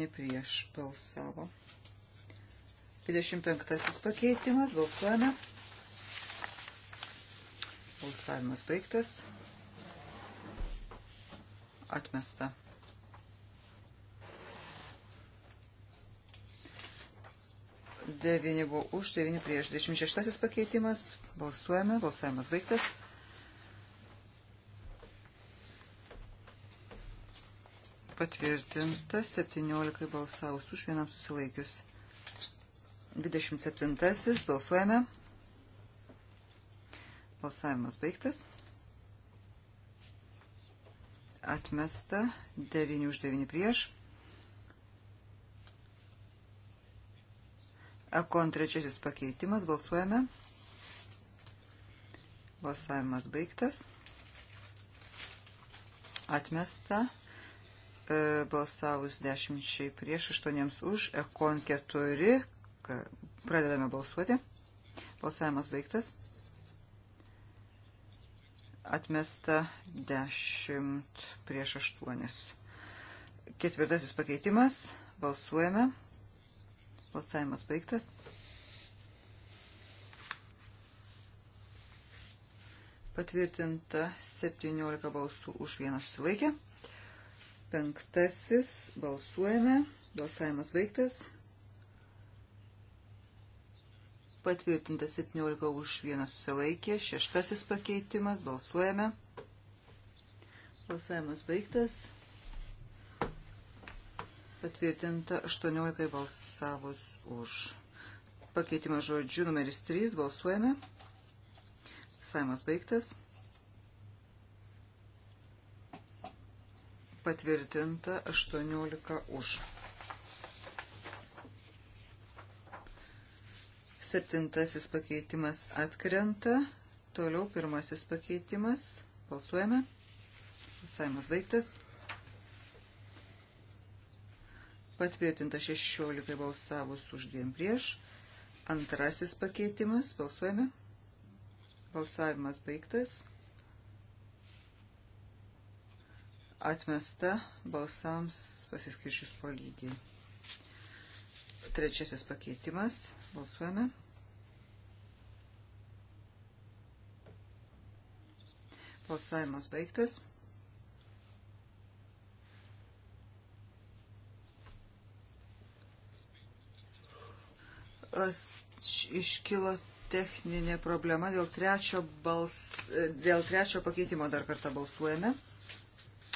29 prieš balsavo. 25 pakeitimas, balsuojame. Balsavimas baigtas. Atmesta. Devini buvo už, devini prieš. 26 pakeitimas. Balsuojame. Balsavimas baigtas. patvirtintas, 17 balsavus už vienam susilaikius. 27 balsuojame. Balsavimas baigtas. Atmesta 9 už 9 prieš. Ekon trečiasis pakeitimas. Balsuojame. Balsavimas baigtas. Atmesta E, balsavus 10 prieš, 8 už, ekon 4, pradedame balsuoti, balsavimas baigtas, atmesta 10 prieš 8. Ketvirtasis pakeitimas, balsuojame, balsavimas baigtas. Patvirtinta 17 balsų už vieną susilaikę. Penktasis. Balsuojame. Balsavimas baigtas. Patvirtintas 17 už vieną susilaikė. Šeštasis pakeitimas. Balsuojame. Balsavimas baigtas. Patvirtinta 18 balsavus už. Pakeitimas žodžių numeris 3. Balsuojame. Balsavimas baigtas. patvirtinta 18 už. Septintasis pakeitimas atkrenta. Toliau pirmasis pakeitimas. Balsuojame. Balsavimas baigtas. Patvirtinta 16 balsavus už dviem prieš. Antrasis pakeitimas. Balsuojame. Balsavimas baigtas. atmesta balsams pasiskirčius po lygiai. Trečiasis pakeitimas. Balsuojame. Balsavimas baigtas. Iškilo techninė problema dėl trečio, bals, dėl trečio pakeitimo dar kartą balsuojame. Balsuojame.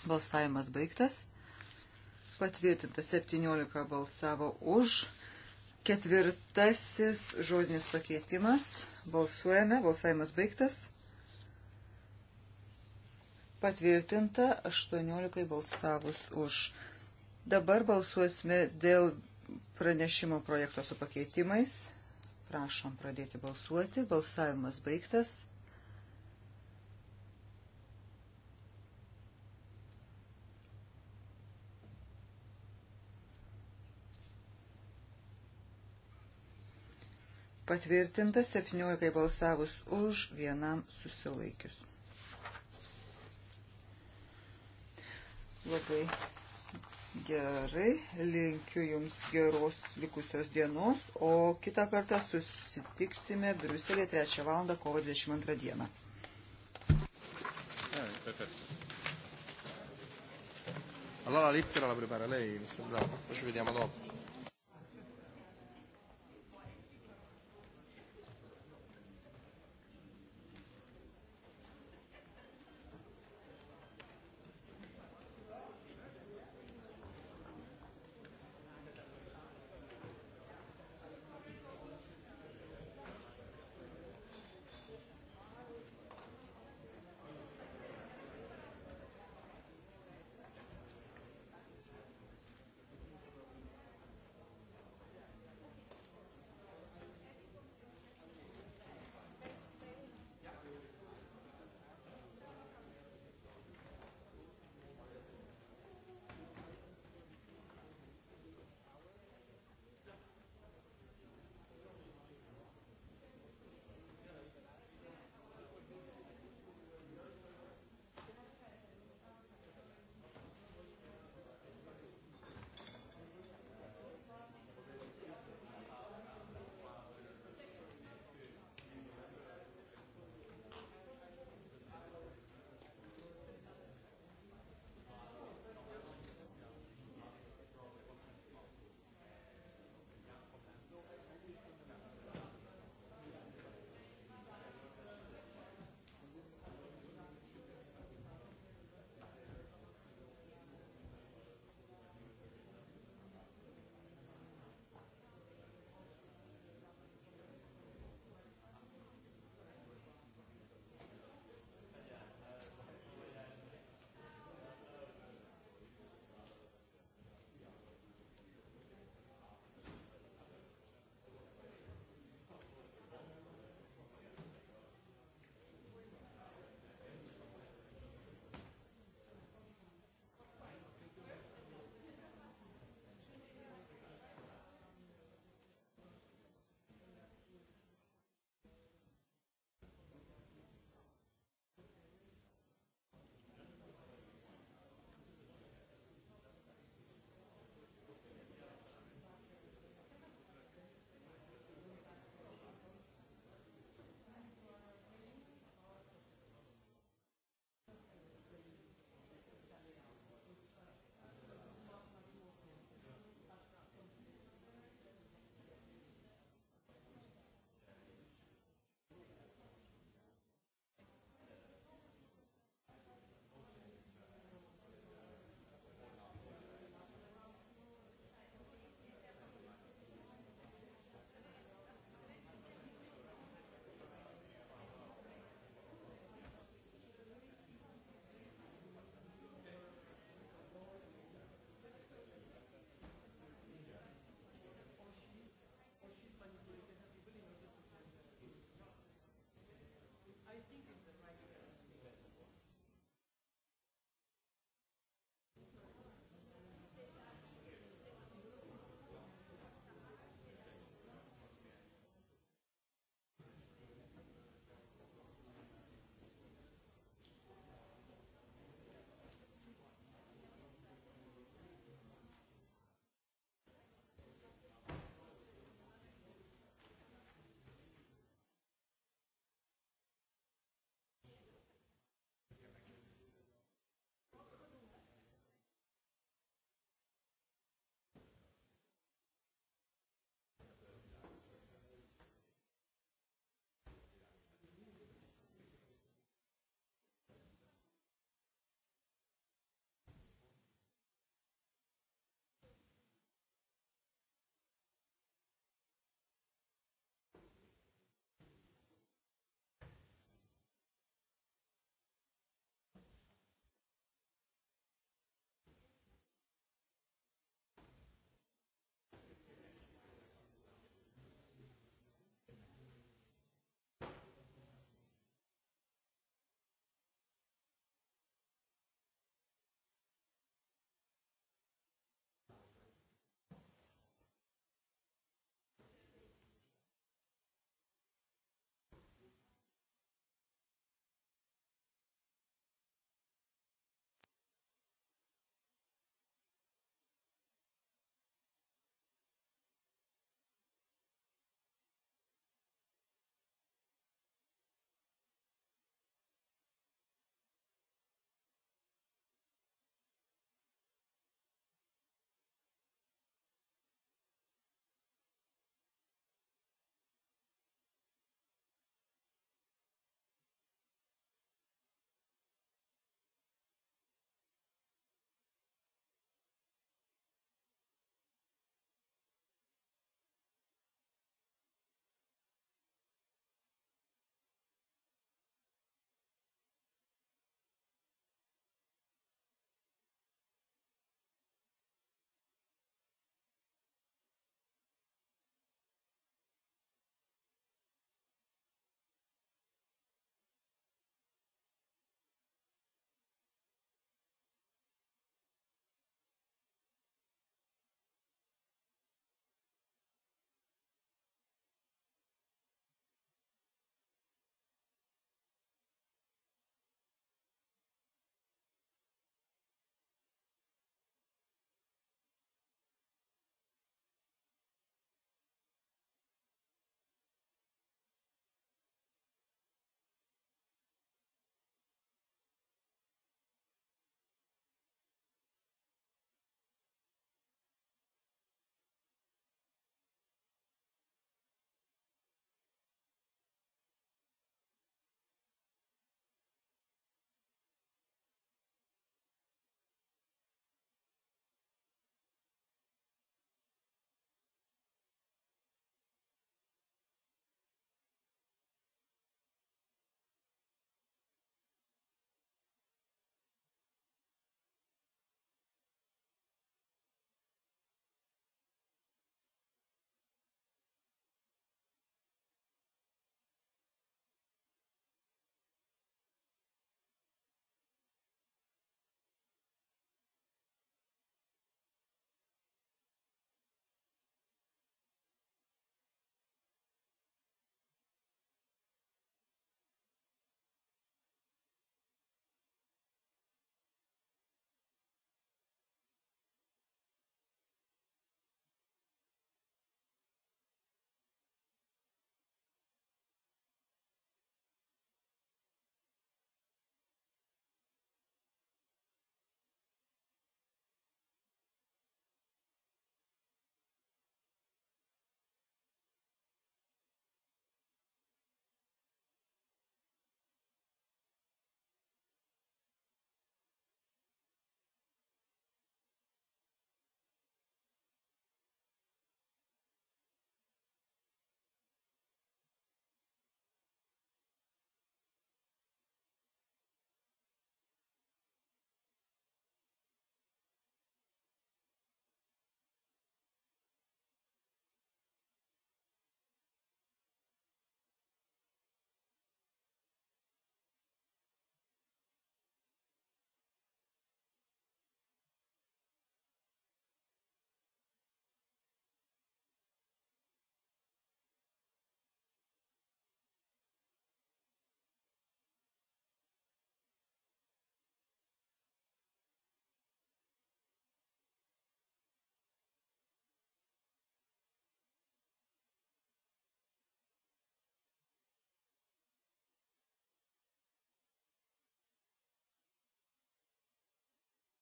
Balsavimas baigtas. Patvirtinta 17 balsavo už. Ketvirtasis žodinis pakeitimas. Balsuojame. Balsavimas baigtas. Patvirtinta 18 balsavus už. Dabar balsuosime dėl pranešimo projekto su pakeitimais. Prašom pradėti balsuoti. Balsavimas baigtas. patvirtinta 17 balsavus už vienam susilaikius. Labai gerai, linkiu Jums geros likusios dienos, o kitą kartą susitiksime Briuselėje 3 val. kovo 22 dieną. Eh, allora la lettera la prepara lei, mi sembra, poi ci vediamo dopo.